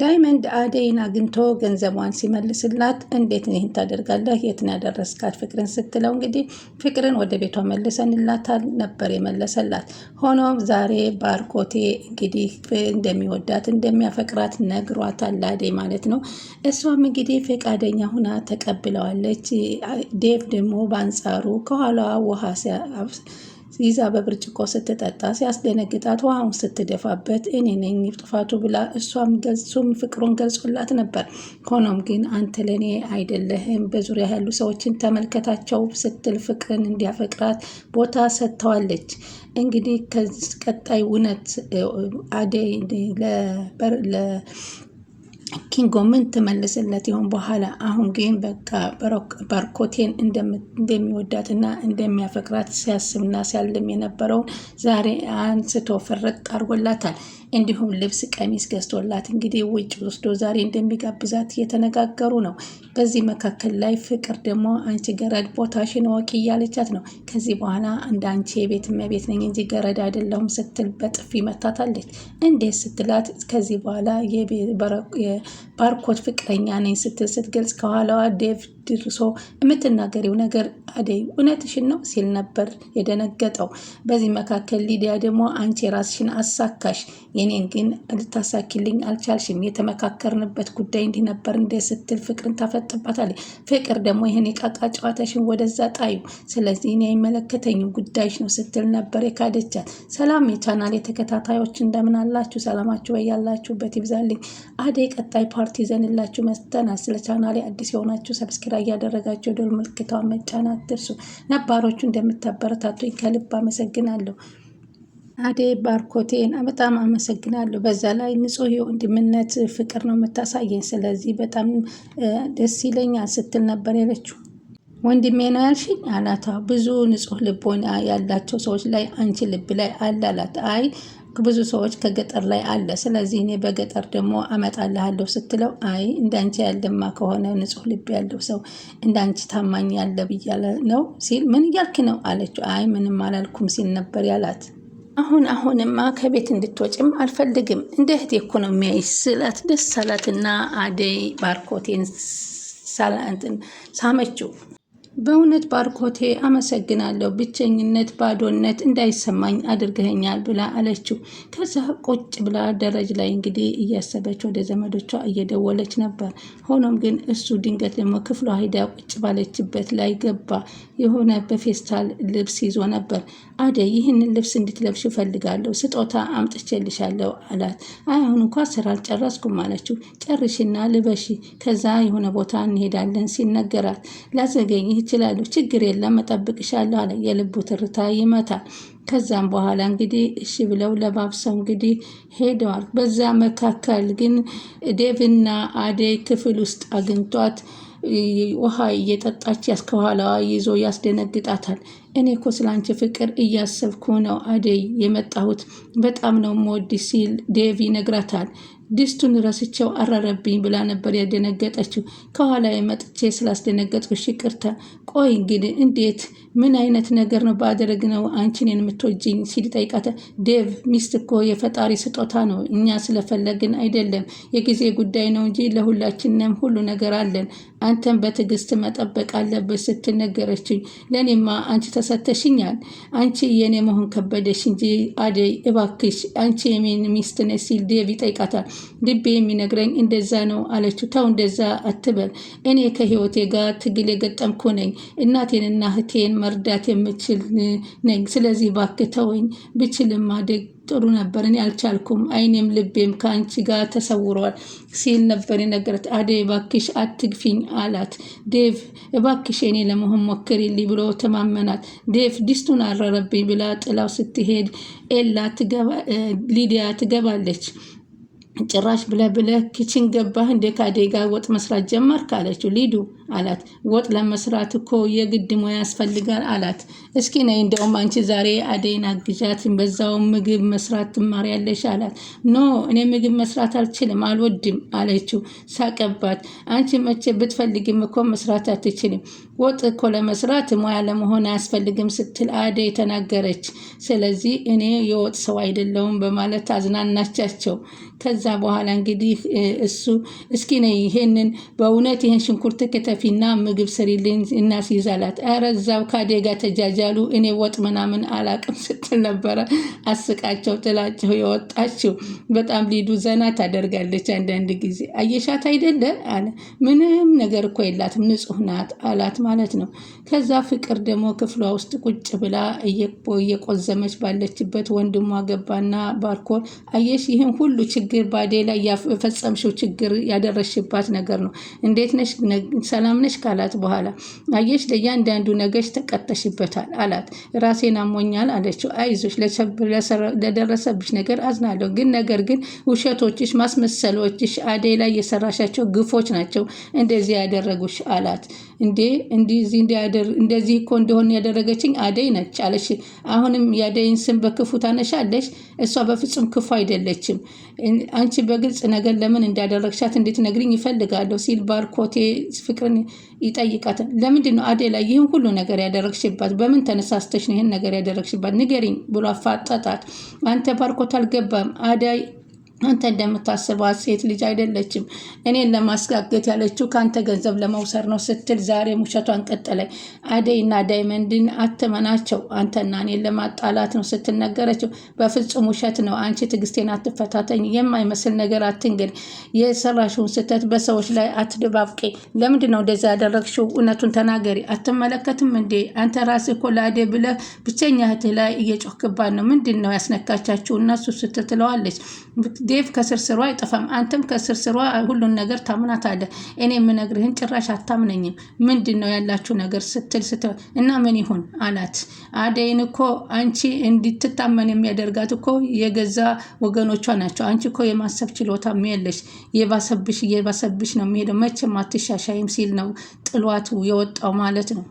ዳይመንድ አደይን አግኝቶ ገንዘቧን ሲመልስላት እንዴት ይህን ታደርጋለህ? የትን ያደረስካት ፍቅርን ስትለው እንግዲህ ፍቅርን ወደ ቤቷ መልሰንላታል ነበር የመለሰላት። ሆኖም ዛሬ ባርኮቴ እንግዲህ እንደሚወዳት እንደሚያፈቅራት ነግሯታል፣ ለአደይ ማለት ነው። እሷም እንግዲህ ፈቃደኛ ሁና ተቀብለዋለች። ዴቭ ደግሞ በአንጻሩ ከኋላዋ ውሃ ይዛ በብርጭቆ ስትጠጣ ሲያስደነግጣት ውሃውን ስትደፋበት እኔ ነኝ ጥፋቱ ብላ እሷም ገጹም ፍቅሩን ገልጾላት ነበር። ሆኖም ግን አንተ ለእኔ አይደለህም በዙሪያ ያሉ ሰዎችን ተመልከታቸው ስትል ፍቅርን እንዲያፈቅራት ቦታ ሰጥተዋለች። እንግዲህ ከቀጣይ እውነት አደይ ኪንጎ ምን ትመልስለት ይሆን በኋላ? አሁን ግን በቃ ባርኮቴን እንደሚወዳትና እንደሚያፈቅራት ሲያስብና ሲያልም የነበረውን ዛሬ አንስቶ ፍርጥ አድርጎላታል። እንዲሁም ልብስ፣ ቀሚስ ገዝቶላት እንግዲህ ውጭ ወስዶ ዛሬ እንደሚጋብዛት እየተነጋገሩ ነው። በዚህ መካከል ላይ ፍቅር ደግሞ አንቺ ገረድ ቦታሽን ወቂ እያለቻት ነው። ከዚህ በኋላ እንደ አንቺ የቤት እመቤት ነኝ እንጂ ገረድ አይደለሁም ስትል በጥፊ መታታለች። እንዴት ስትላት ከዚህ በኋላ የባርኮት ፍቅረኛ ነኝ ስትል ስትገልጽ ከኋላዋ ዴቭ ደርሶ የምትናገሪው ነገር አደይ እውነትሽን ነው ሲል ነበር የደነገጠው። በዚህ መካከል ሊዲያ ደግሞ አንቺ የራስሽን አሳካሽ፣ የኔን ግን ልታሳኪልኝ አልቻልሽም፣ የተመካከርንበት ጉዳይ እንዲህ ነበር እንደ ስትል ፍቅርን ታፈጥባታለች። ፍቅር ደግሞ ይህን የቃቃ ጨዋታሽን ወደዛ ጣዩ፣ ስለዚህ እኔ አይመለከተኝም ጉዳይሽ ነው ስትል ነበር የካደቻት። ሰላም የቻናል የተከታታዮች እንደምን አላችሁ? ሰላማችሁ በያላችሁበት ይብዛልኝ። አደይ ቀጣይ ፓርቲ ዘንላችሁ መስተናል። ስለ ቻናሌ አዲስ የሆናችሁ ሰብስክራ እያደረጋቸው የደወል ምልክቷን መጫን አትርሱ። ነባሮቹ እንደምታበረታቱኝ ከልብ አመሰግናለሁ። አዴ ባርኮቴን በጣም አመሰግናለሁ። በዛ ላይ ንጹህ የወንድምነት ፍቅር ነው የምታሳየኝ። ስለዚህ በጣም ደስ ይለኛል ስትል ነበር ያለችው። ወንድሜ ነው ያልሽኝ አላታ ብዙ ንጹህ ልቦና ያላቸው ሰዎች ላይ አንቺ ልብ ላይ አላላት። አይ ብዙ ሰዎች ከገጠር ላይ አለ። ስለዚህ እኔ በገጠር ደግሞ አመጣልሃለሁ ስትለው አይ እንዳንቺ ያለማ ከሆነ ንጹህ ልብ ያለው ሰው እንዳንቺ ታማኝ ያለ ብያለ ነው ሲል ምን እያልክ ነው አለችው። አይ ምንም አላልኩም ሲል ነበር ያላት። አሁን አሁንማ ከቤት እንድትወጭም አልፈልግም እንደ እህቴ እኮ ነው የሚያይ ስላት ደስ አላትና አደይ ባርኮቴን ሳመችው። በእውነት ባርኮቴ አመሰግናለሁ፣ ብቸኝነት፣ ባዶነት እንዳይሰማኝ አድርገኛል ብላ አለችው። ከዛ ቁጭ ብላ ደረጅ ላይ እንግዲህ እያሰበች ወደ ዘመዶቿ እየደወለች ነበር። ሆኖም ግን እሱ ድንገት ደግሞ ክፍሏ ሂዳ ቁጭ ባለችበት ላይ ገባ። የሆነ በፌስታል ልብስ ይዞ ነበር። አደይ ይህንን ልብስ እንድትለብሽ እፈልጋለሁ፣ ስጦታ አምጥቼልሻለሁ አላት። አይ አሁን እንኳ ስራ አልጨረስኩም አለችው። ጨርሽና ልበሺ፣ ከዛ የሆነ ቦታ እንሄዳለን ሲል ነገራት። ላዘገኝ ይችላሉ። ችግር የለም እጠብቅሻለሁ አለ። የልቡ ትርታ ይመታል። ከዛም በኋላ እንግዲህ እሺ ብለው ለባብሰው እንግዲህ ሄደዋል። በዛ መካከል ግን ዴቭና አደይ ክፍል ውስጥ አግኝቷት ውሃ እየጠጣች ከኋላዋ ይዞ ያስደነግጣታል። እኔ እኮ አንቺ ፍቅር እያሰብኩ ነው አደይ የመጣሁት በጣም ነው ሞድ ሲል ዴቭ ይነግራታል። ድስቱን ረስቸው አራረብኝ ብላ ነበር ያደነገጠችው። ከኋላ መጥቼ ስላስደነገጥኩሽ ይቅርታ። ቆይ እንግዲህ እንዴት ምን አይነት ነገር ነው ባደረግ ነው አንቺን የምትወጂኝ ሲል ጠይቃተ ዴቭ ሚስት እኮ የፈጣሪ ስጦታ ነው። እኛ ስለፈለግን አይደለም፣ የጊዜ ጉዳይ ነው እንጂ ለሁላችንም ሁሉ ነገር አለን። አንተን በትዕግስት መጠበቅ አለብህ ስትል ነገረችኝ። ለእኔማ አንቺ ሰተሽኛል። አንቺ የኔ መሆን ከበደሽ እንጂ አደይ እባክሽ አንቺ የሜን ሚስት ነሽ ሲል ዴቭ ይጠይቃታል። ልቤ የሚነግረኝ እንደዛ ነው አለችው። ተው እንደዛ አትበል። እኔ ከህይወቴ ጋር ትግል የገጠምኩ ነኝ። እናቴንና እህቴን መርዳት የምችል ነኝ። ስለዚህ እባክህ ተወኝ። ብችልም አደግ ጥሩ ነበር፣ እኔ አልቻልኩም፣ አይኔም ልቤም ከአንቺ ጋር ተሰውረዋል ሲል ነበር የነገረት። አደይ እባክሽ አትግፊኝ አላት። ዴቭ እባክሽ እኔ ለመሆን ሞክሪልኝ ብሎ ተማመናት። ዴቭ ድስቱን አረረብኝ ብላ ጥላው ስትሄድ ኤላ ሊዲያ ትገባለች። ጭራሽ ብለህ ብለህ ክችን ገባህ እንደ ካዴጋ ወጥ መስራት ጀመርክ አለችው። ሊዱ አላት ወጥ ለመስራት እኮ የግድ ሙያ ያስፈልጋል አላት። እስኪ ነይ እንደውም አንቺ ዛሬ አደይን አግዣት፣ በዛው ምግብ መስራት ትማሪያለሽ አላት። ኖ እኔ ምግብ መስራት አልችልም አልወድም አለችው። ሳቀባት። አንቺ መቼ ብትፈልግም እኮ መስራት አትችልም ወጥ እኮ ለመስራት ሙያ ለመሆን አያስፈልግም ስትል አደይ ተናገረች። ስለዚህ እኔ የወጥ ሰው አይደለውም በማለት አዝናናቻቸው። ከዛ በኋላ እንግዲህ እሱ እስኪ ነይ ይሄንን በእውነት ይህን ሽንኩርት ክተፊና ምግብ ስሪልኝ እናስይዛላት። ኧረ እዛው ከአደይ ጋር ተጃጃሉ። እኔ ወጥ ምናምን አላቅም ስትል ነበረ አስቃቸው ጥላቸው የወጣችው። በጣም ሊዱ ዘና ታደርጋለች አንዳንድ ጊዜ። አየሻት አይደለ አለ። ምንም ነገር እኮ የላትም ንጹህ ናት አላት። ማለት ነው። ከዛ ፍቅር ደግሞ ክፍሏ ውስጥ ቁጭ ብላ እየቆዘመች ባለችበት ወንድሟ ገባና ባርኮን አየሽ ይህን ሁሉ ችግር ባዴ ላይ የፈጸምሽው ችግር ያደረሽባት ነገር ነው። እንዴት ነሽ ሰላም ነሽ ካላት በኋላ አየሽ ለእያንዳንዱ ነገሽ ተቀጠሽበታል አላት። ራሴን አሞኛል አለችው። አይዞሽ ለደረሰብሽ ነገር አዝናለሁ፣ ግን ነገር ግን ውሸቶችሽ፣ ማስመሰሎችሽ አዴ ላይ የሰራሻቸው ግፎች ናቸው እንደዚህ ያደረጉሽ አላት። እንዴ እንደዚህ እኮ እንደሆን ያደረገችኝ አደይ ነች አለሽ። አሁንም የአደይን ስም በክፉ ታነሻለሽ። እሷ በፍጹም ክፉ አይደለችም። አንቺ በግልጽ ነገር ለምን እንዳደረግሻት እንድትነግሪኝ ይፈልጋለሁ ሲል ባርኮቴ ፍቅርን ይጠይቃት። ለምንድን ነው አደይ ላይ ይህን ሁሉ ነገር ያደረግሽባት? በምን ተነሳስተሽ ነው ይህን ነገር ያደረግሽባት? ንገሪኝ ብሎ አፋጠጣት። አንተ ባርኮት አልገባም አዳይ አንተ እንደምታስባት ሴት ልጅ አይደለችም። እኔን ለማስጋገት ያለችው ከአንተ ገንዘብ ለመውሰር ነው ስትል ዛሬ ውሸቷን ቀጠለ አደይና ዳይመንድን አትመናቸው፣ አንተና እኔን ለማጣላት ነው ስትል ነገረችው። በፍጹም ውሸት ነው። አንቺ ትዕግስቴን አትፈታተኝ፣ የማይመስል ነገር አትንገድ፣ የሰራሽውን ስህተት በሰዎች ላይ አትደባብቄ ለምንድን ነው እንደዛ ያደረግሽው? እውነቱን ተናገሪ። አትመለከትም እንዴ? አንተ ራስህ እኮ ለአደይ ብለህ ብቸኛ እህትህ ላይ እየጮህክባት ነው። ምንድን ነው ያስነካቻችሁ እነሱ ስትል ትለዋለች ዴቭ ከስርስሯ አይጠፋም። አንተም ከስርስሯ ሁሉን ነገር ታምናት አለ። እኔ የምነግርህን ጭራሽ አታምነኝም። ምንድን ነው ያላችሁ ነገር ስትል ስት እና ምን ይሁን አላት። አደይን እኮ አንቺ እንድትታመን የሚያደርጋት እኮ የገዛ ወገኖቿ ናቸው። አንቺ እኮ የማሰብ ችሎታ የለሽ። የባሰብሽ እየባሰብሽ ነው የሚሄደው። መቼም አትሻሻይም ሲል ነው ጥሏት የወጣው ማለት ነው።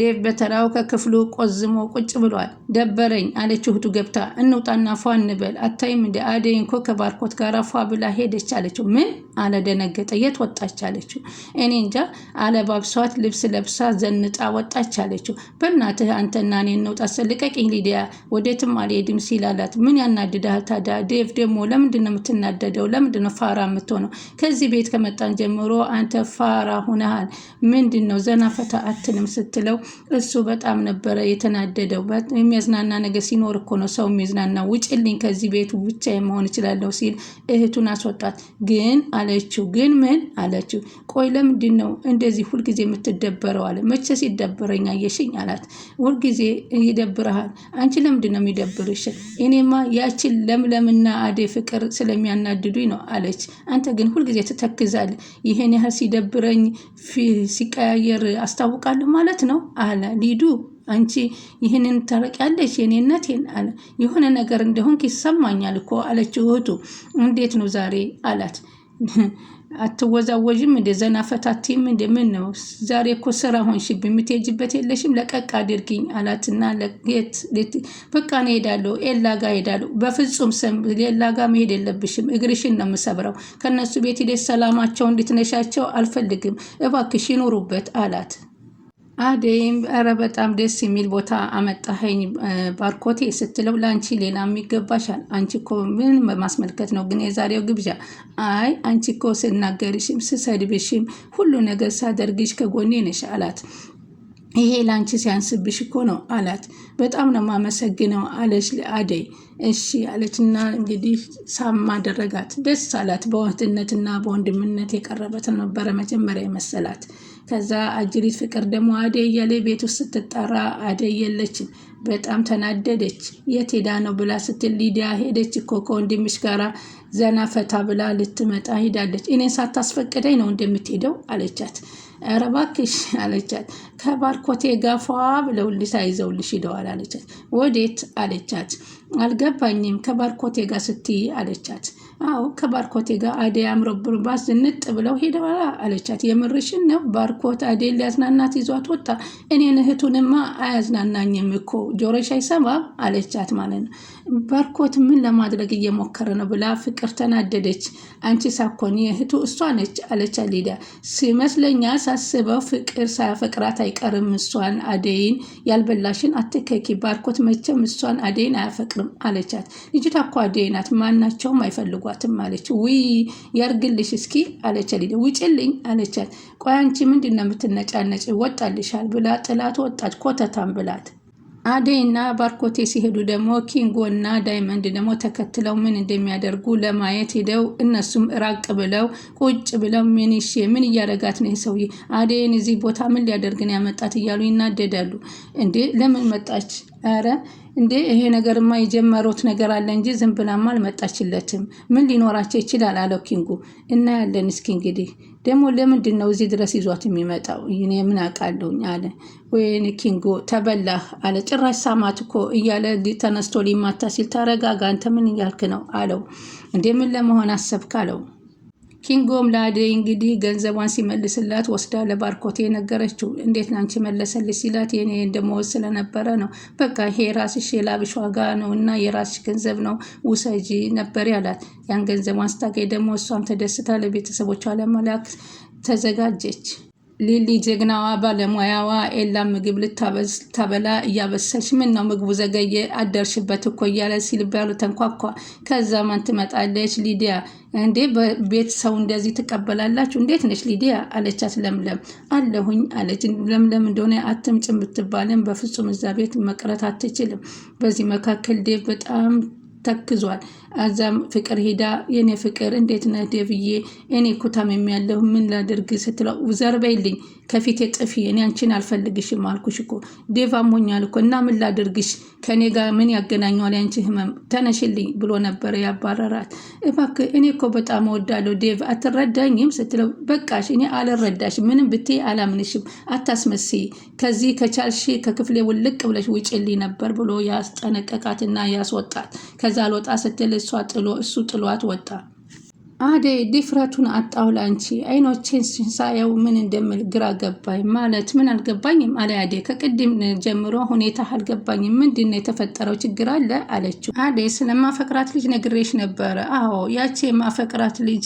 ዴቭ በተራው ከክፍሉ ቆዝሞ ቁጭ ብሏል። ደበረኝ አለች እህቱ ገብታ። እንውጣና ፏ እንበል። አታይም እንደ አደይ እኮ ከባርኮት ጋር ፏ ብላ ሄደች አለችው። ምን አለደነገጠ። የት ወጣች አለችው። እኔ እንጃ አለባብሷት ልብስ ለብሳ ዘንጣ ወጣች አለችው። በእናትህ አንተና እኔ እንውጣ፣ ልቀቅኝ ሊዲያ፣ ወዴትም አልሄድም ሲላላት ምን ያናድዳል ታዲያ? ዴቭ ደግሞ ለምንድን ነው የምትናደደው? ለምንድን ነው ፋራ የምትሆነው? ከዚህ ቤት ከመጣን ጀምሮ አንተ ፋራ ሁነሃል። ምንድን ነው ዘና ፈታ ስትለው እሱ በጣም ነበረ የተናደደው። የሚያዝናና ነገር ሲኖር እኮ ነው ሰው የሚዝናና። ውጭልኝ ከዚህ ቤት ብቻ መሆን እችላለሁ ሲል እህቱን አስወጣት ግን አለችው። ግን ምን አለችው? ቆይ ለምንድን ነው እንደዚህ ሁልጊዜ የምትደበረው? አለ መቼ ሲደበረኝ አየሽኝ? አላት። ሁልጊዜ ይደብረሃል። አንቺ ለምንድን ነው የሚደብርሽ? እኔማ ያችን ለምለምና አዴ ፍቅር ስለሚያናድዱኝ ነው አለች። አንተ ግን ሁልጊዜ ትተክዛል። ይሄን ያህል ሲደብረኝ ሲቀያየር አስታውቃለሁ ማለት ነው አለ ሊዱ አንቺ ይህንን ታረቂያለሽ የኔነቴን አለ የሆነ ነገር እንደሆንክ ይሰማኛል እኮ አለችው እህቱ እንዴት ነው ዛሬ አላት አትወዛወዥም እንደ ዘና ፈታቴም እንደ ምን ነው ዛሬ እኮ ስራ ሆንሽብኝ፣ የምትሄጂበት የለሽም፣ ለቀቅ አድርግኝ አላትና ለጌት በቃ እኔ እሄዳለሁ፣ ኤላ ጋ እሄዳለሁ። በፍጹም ስም ሌላ ጋ መሄድ የለብሽም፣ እግርሽን ነው የምሰብረው። ከነሱ ቤት ሂደሽ ሰላማቸው እንድትነሻቸው አልፈልግም፣ እባክሽ ይኑሩበት አላት። አደይም ኧረ በጣም ደስ የሚል ቦታ አመጣኸኝ ባርኮቴ ስትለው ለአንቺ ሌላ የሚገባሻል። አንቺ እኮ ምን ማስመልከት ነው ግን የዛሬው ግብዣ? አይ አንቺ እኮ ስናገርሽም ስሰድብሽም ሁሉ ነገር ሳደርግሽ ከጎኔ ነሽ አላት። ይሄ ለአንቺ ሲያንስብሽ እኮ ነው አላት። በጣም ነው የማመሰግነው አለች አደይ። እሺ አለችና እንግዲህ ሳማ አደረጋት። ደስ አላት። በእህትነትና በወንድምነት የቀረበት ነበረ መጀመሪያ የመሰላት ከዛ አጅሪት ፍቅር ደግሞ አደየሌ ቤት ውስጥ ስትጠራ አደየለች በጣም ተናደደች። የት ሄዳ ነው ብላ ስትል ሊዲያ ሄደች እኮ ከወንድምሽ ጋራ ዘና ፈታ ብላ ልትመጣ ሂዳለች። እኔን ሳታስፈቅደኝ ነው እንደምትሄደው አለቻት። ኧረ እባክሽ አለቻት። ከባርኮቴ ጋፏ ብለው አይዘውልሽ ሂደዋል አለቻት። ወዴት አለቻት። አልገባኝም ከባርኮቴ ጋር ስትይ አለቻት። አዎ ከባርኮቴ ጋር አደይ አምሮብባት ዝንጥ ብለው ሄደዋላ አለቻት። የምርሽን ነው? ባርኮት አዴ ሊያዝናናት ይዟት ወጣ። እኔን እህቱንማ አያዝናናኝም እኮ ጆሮሽ አይሰማም አለቻት ማለት ነው። ባርኮት ምን ለማድረግ እየሞከረ ነው ብላ ፍቅር ተናደደች። አንቺ ሳኮን የእህቱ እሷ ነች አለቻት። ሊዳ ሲመስለኛ ሳስበው ፍቅር ሳያፈቅራት አይቀርም እሷን አደይን ያልበላሽን አትከኪ። ባርኮት መቼም እሷን አደይን አያፈቅርም አለቻት። ልጅቷ እኮ አደይ ናት፣ ማናቸውም አይፈልጓል አልተዋትም አለች። ውይ ያርግልሽ እስኪ አለች። ሊ ውጭልኝ አለቻት። ቆይ አንቺ ምንድን ነው የምትነጫነጭ? ወጣልሻል ብላ ጥላት ወጣች። ኮተታም ብላት አደይ እና ባርኮቴ ሲሄዱ ደግሞ ኪንጎ እና ዳይመንድ ደግሞ ተከትለው ምን እንደሚያደርጉ ለማየት ሄደው እነሱም ራቅ ብለው ቁጭ ብለው ምንሽ ምን እያደረጋት ነው ሰውዬ አደይን እዚህ ቦታ ምን ሊያደርግን ያመጣት እያሉ ይናደዳሉ። እንዴ ለምን መጣች? ኧረ እንዴ ይሄ ነገርማ የጀመሩት ነገር አለ እንጂ ዝም ብላማ አልመጣችለትም። ምን ሊኖራቸው ይችላል? አለው ኪንጉ። እናያለን እስኪ እንግዲህ ደግሞ ለምንድን ነው እዚህ ድረስ ይዟት የሚመጣው? እኔ ምን አውቃለሁኝ አለ ወይኔ ኪንጎ ተበላ አለ። ጭራሽ ሳማት እኮ እያለ ተነስቶ ሊማታ ሲል ተረጋጋ፣ አንተ ምን እያልክ ነው አለው። እንደምን ለመሆን አሰብክ አለው። ኪንጎም ለአደይ እንግዲህ ገንዘቧን ሲመልስላት ወስዳ ለባርኮቴ ነገረችው። እንዴት ናንቺ መለሰልሽ ሲላት የኔ እንደመወዝ ስለነበረ ነው። በቃ ይሄ የራስሽ የላብሽ ዋጋ ነው እና የራስሽ ገንዘብ ነው ውሰጂ ነበር ያላት። ያን ገንዘቧን ስታገኝ ደግሞ እሷም ተደስታ ለቤተሰቦቿ ለመላክ ተዘጋጀች። ሊሊ ጀግናዋ ባለሙያዋ ኤላ ምግብ ልታበላ እያበሰልሽ ምን ነው ምግቡ ዘገየ አደርሽበት እኮ እያለ ሲል በሉ ተንኳኳ። ከዛ ማን ትመጣለች? ሊዲያ እንዴ ቤት ሰው እንደዚህ ትቀበላላችሁ? እንዴት ነች ሊዲያ አለቻት። ለምለም አለሁኝ አለች። ለምለም እንደሆነ አትምጭም ብትባልም በፍጹም እዛ ቤት መቅረት አትችልም። በዚህ መካከል ዴቭ በጣም ተክዟል። አዛም ፍቅር ሄዳ የኔ ፍቅር እንዴት ነህ ደብዬ እኔ ኩታም የሚያለሁ ምን ላድርግ ስትለው ዘር በይልኝ ከፊቴ ጥፊ እኔ አንቺን አልፈልግሽም አልኩሽ እኮ ዴቫ አሞኛል እኮ እና ምን ላድርግሽ ከእኔ ጋር ምን ያገናኘዋል ያንቺ ህመም ተነሽልኝ ብሎ ነበረ ያባረራት እባክህ እኔ እኮ በጣም እወዳለሁ ዴቭ አትረዳኝም ስትለው በቃሽ እኔ አልረዳሽ ምንም ብትይ አላምንሽም አታስመስይ ከዚህ ከቻልሽ ከክፍሌ ውልቅ ብለሽ ውጭልኝ ነበር ብሎ ያስጠነቀቃትና ያስወጣት ከዛ አልወጣ ስትል እሷ ጥሎ እሱ ጥሏት ወጣ። አደይ ድፍረቱን አጣሁ ላንቺ አይኖቼን ሲንሳየው ምን እንደምል ግራ ገባኝ። ማለት ምን አልገባኝም አለ አደይ። ከቅድም ጀምሮ ሁኔታ አልገባኝም። ምንድነው የተፈጠረው? ችግር አለ አለችው አደይ። ስለማፈቅራት ልጅ ነግሬሽ ነበረ። አዎ ያቺ የማፈቅራት ልጅ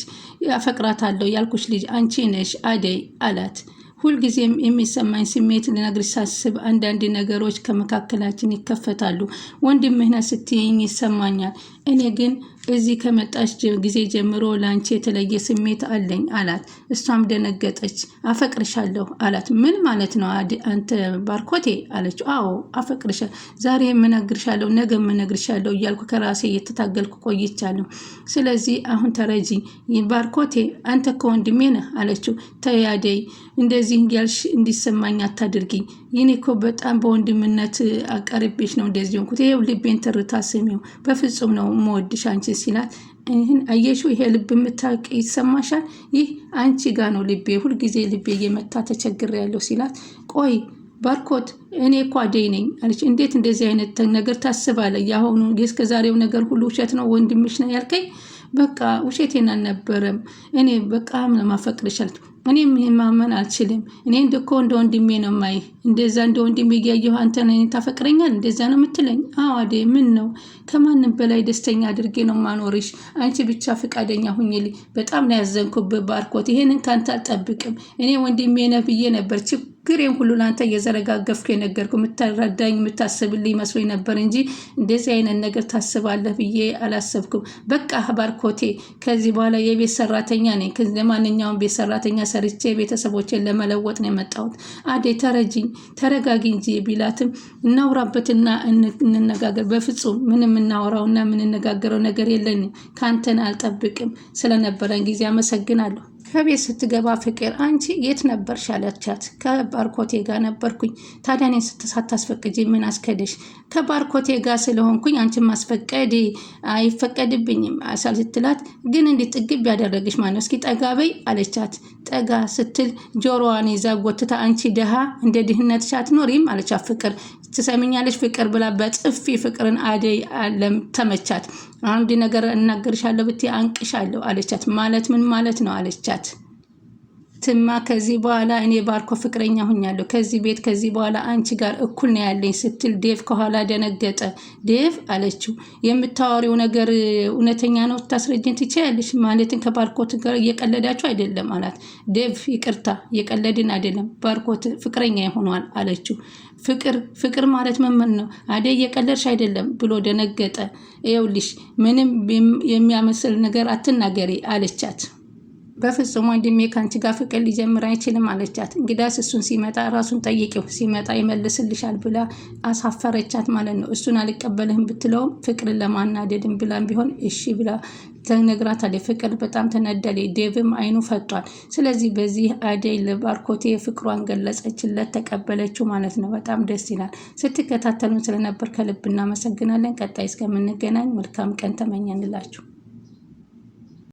ያፈቅራት አለው ያልኩሽ ልጅ አንቺ ነሽ አደይ አላት። ሁልጊዜም የሚሰማኝ ስሜት ልነግርሽ ሳስብ አንዳንድ ነገሮች ከመካከላችን ይከፈታሉ። ወንድምህን ስትይኝ ይሰማኛል። እኔ ግን እዚህ ከመጣች ጊዜ ጀምሮ ለአንቺ የተለየ ስሜት አለኝ አላት። እሷም ደነገጠች። አፈቅርሻለሁ አላት። ምን ማለት ነው አንተ ባርኮቴ አለችው። አዎ አፈቅርሻ፣ ዛሬ የምነግርሻለሁ፣ ነገ የምነግርሻለሁ እያልኩ ከራሴ እየተታገልኩ ቆይቻለሁ። ስለዚህ አሁን ተረጂ ባርኮቴ፣ አንተ ከወንድሜ ነህ አለችው። ተያደይ እንደዚህ ያልሽ እንዲሰማኝ አታድርጊ። ይኔ እኮ በጣም በወንድምነት አቀርቤሽ ነው እንደዚህ ሆንኩት። ይኸው ልቤን ትርታ ስሚው። በፍጹም ነው መወድሽ አንቺ ሲላት ይህን አየሹ፣ ይሄ ልብ የምታቅ ይሰማሻል? ይህ አንቺ ጋ ነው ልቤ ሁልጊዜ ልቤ እየመታ ተቸግር ያለው ሲላት፣ ቆይ ባርኮት እኔ እኮ አደይ ነኝ አለች። እንዴት እንደዚህ አይነት ነገር ታስባለህ? የአሁኑ ዛሬው ነገር ሁሉ ውሸት ነው ወንድምሽ ነው ያልከኝ? በቃ ውሸቴን አልነበረም እኔ በቃ ለማፈቅርሻል እኔ ማመን አልችልም። እኔ እንደኮ እንደ ወንድሜ ነው ማይ እንደዛ እንደ ወንድሜ እያየሁ አንተን ታፈቅረኛል እንደዛ ነው የምትለኝ? አዎ አደይ፣ ምን ነው ከማንም በላይ ደስተኛ አድርጌ ነው ማኖርሽ። አንቺ ብቻ ፈቃደኛ ሁኝልኝ። በጣም ነው ያዘንኩብህ ባርኮት፣ ይሄንን ከአንተ አልጠብቅም። እኔ ወንድሜ ነህ ብዬ ነበር ችግሬን ሁሉ ለአንተ እየዘረጋገፍኩ የነገርኩ የምታረዳኝ የምታስብልኝ መስሎኝ ነበር እንጂ እንደዚህ አይነት ነገር ታስባለህ ብዬ አላሰብኩም። በቃ ባርኮቴ ከዚህ በኋላ የቤት ሰራተኛ ነኝ። ለማንኛውም ቤት ሰራተኛ ሰርቼ ቤተሰቦችን ለመለወጥ ነው የመጣሁት። አዴ ተረጅኝ፣ ተረጋጊ እንጂ ቢላትም እናውራበትና እንነጋገር። በፍጹም ምን የምናወራውና የምንነጋገረው ነገር የለን። ከአንተን አልጠብቅም። ስለነበረን ጊዜ አመሰግናለሁ። ከቤት ስትገባ ፍቅር አንቺ የት ነበርሽ አለቻት። ከባርኮቴ ጋር ነበርኩኝ። ታዲያ እኔን ሳታስፈቅጂ ምን አስከደሽ? ከባርኮቴ ጋር ስለሆንኩኝ አንቺን ማስፈቀድ አይፈቀድብኝም አሳል ስትላት፣ ግን እንዲጥግብ ያደረግሽ ማነው? እስኪ ጠጋ በይ አለቻት። ጠጋ ስትል ጆሮዋን ይዛ ጎትታ አንቺ ድሃ እንደ ድህነትሽ አትኖሪም አለቻት ፍቅር ትሰምኛለች ፍቅር ብላ በጥፊ ፍቅርን አደይ ተመቻት። አንድ ነገር እናገርሻለሁ ብትይ አንቅሻለሁ አለቻት። ማለት ምን ማለት ነው አለቻት። ትማ ከዚህ በኋላ እኔ ባርኮ ፍቅረኛ ሁኛለሁ ከዚህ ቤት ከዚህ በኋላ አንቺ ጋር እኩል ነው ያለኝ ስትል ዴቭ ከኋላ ደነገጠ። ዴቭ አለችው፣ የምታወሪው ነገር እውነተኛ ነው ታስረጅን ትችያለሽ? ማለትን ከባርኮት ጋር እየቀለዳችሁ አይደለም አላት። ዴቭ ይቅርታ፣ እየቀለድን አይደለም ባርኮት ፍቅረኛ ይሆኗል አለችው። ፍቅር ፍቅር ማለት መመን ነው። አደይ የቀለድሽ አይደለም ብሎ ደነገጠ። ይኸውልሽ ምንም የሚያመስል ነገር አትናገሪ አለቻት። በፍጹም ወንድሜ ከአንቺ ጋር ፍቅር ሊጀምር አይችልም አለቻት። እንግዳስ እሱን ሲመጣ ራሱን ጠይቂው ሲመጣ ይመልስልሻል ብላ አሳፈረቻት ማለት ነው። እሱን አልቀበልህም ብትለውም ፍቅርን ለማናደድም ብላም ቢሆን እሺ ብላ ተነግራታለች። ፍቅር በጣም ተነደለ። ዴቭም አይኑ ፈቷል። ስለዚህ በዚህ አደይ ለባርኮቴ ፍቅሯን ገለጸችለት፣ ተቀበለችው ማለት ነው። በጣም ደስ ይላል። ስትከታተሉን ስለነበር ከልብ እናመሰግናለን። ቀጣይ እስከምንገናኝ መልካም ቀን ተመኘንላችሁ።